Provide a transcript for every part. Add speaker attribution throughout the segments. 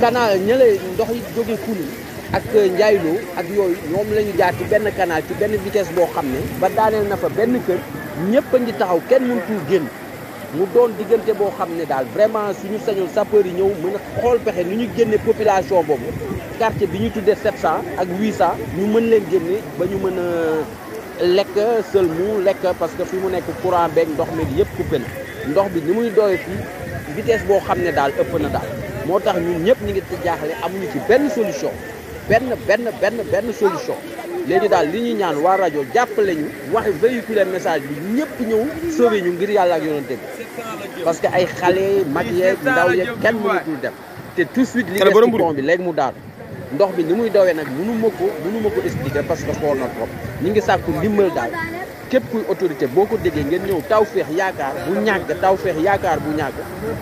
Speaker 1: canal ñële ndox yi jóge kuli ak njaayloo ak yooyu ñoom la ñu jaar ci benn canal ci benn vitesse boo xam ne ba daaneel na fa benn kër ñëpp a ngi taxaw kenn mënutul génn mu doon diggante boo xam ne daal vraiment suñu sañoon sapeur yi ñëw mën a xool pexe nu ñu génne population boobu quartier bi ñu tuddee 700 ak 800 ñu mën leen génne ba ñu mën a lekk seul mu lekk parce que fi mu nekk courant beeg ndox mi yëpp coupé na ndox bi ni muy doy fii vitesse boo xam ne daal ëpp na daal moo tax ñun ñëpp ñu ngi ci jaaxle amuñu ci benn solution benn benn benn benn solution léegi daal li ñuy ñaan waa rajo jàppale ñu wax leen message bi ñëpp ñëw sauver ñu ngir yàlla ak yonent bi parce que ay xale mag yeeg ndaw yeeg kenn mënatul dem te tout de suite li des ci bi léegi mu daanu ndox bi ni muy dawee nag mënu ma ko mënu ma ko expliquer parce que xool na trop ñu ngi sàkku ndimbal daal képp kuy autorité boo ko déggee ngeen ñëw taw feex yaakaar bu ñàgg taw feex yaakaar bu ñàkk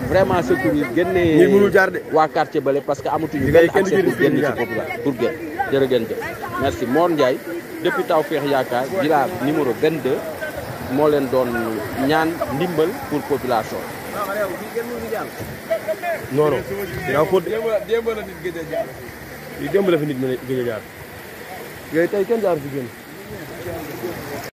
Speaker 1: vraiment secourir génnee ñi mënul jaar de waa quartier bële parce que amatuñu benn accès pour génn ci population pour génn jërë ngeen jëf merci Mor Ndiaye depuis taw feex yaakaar village numéro 22 moo leen doon ñaan ndimbal pour population non non daa ko démb la a jaar la fi nit mën a jaar yooyu tey kenn jaar fi génn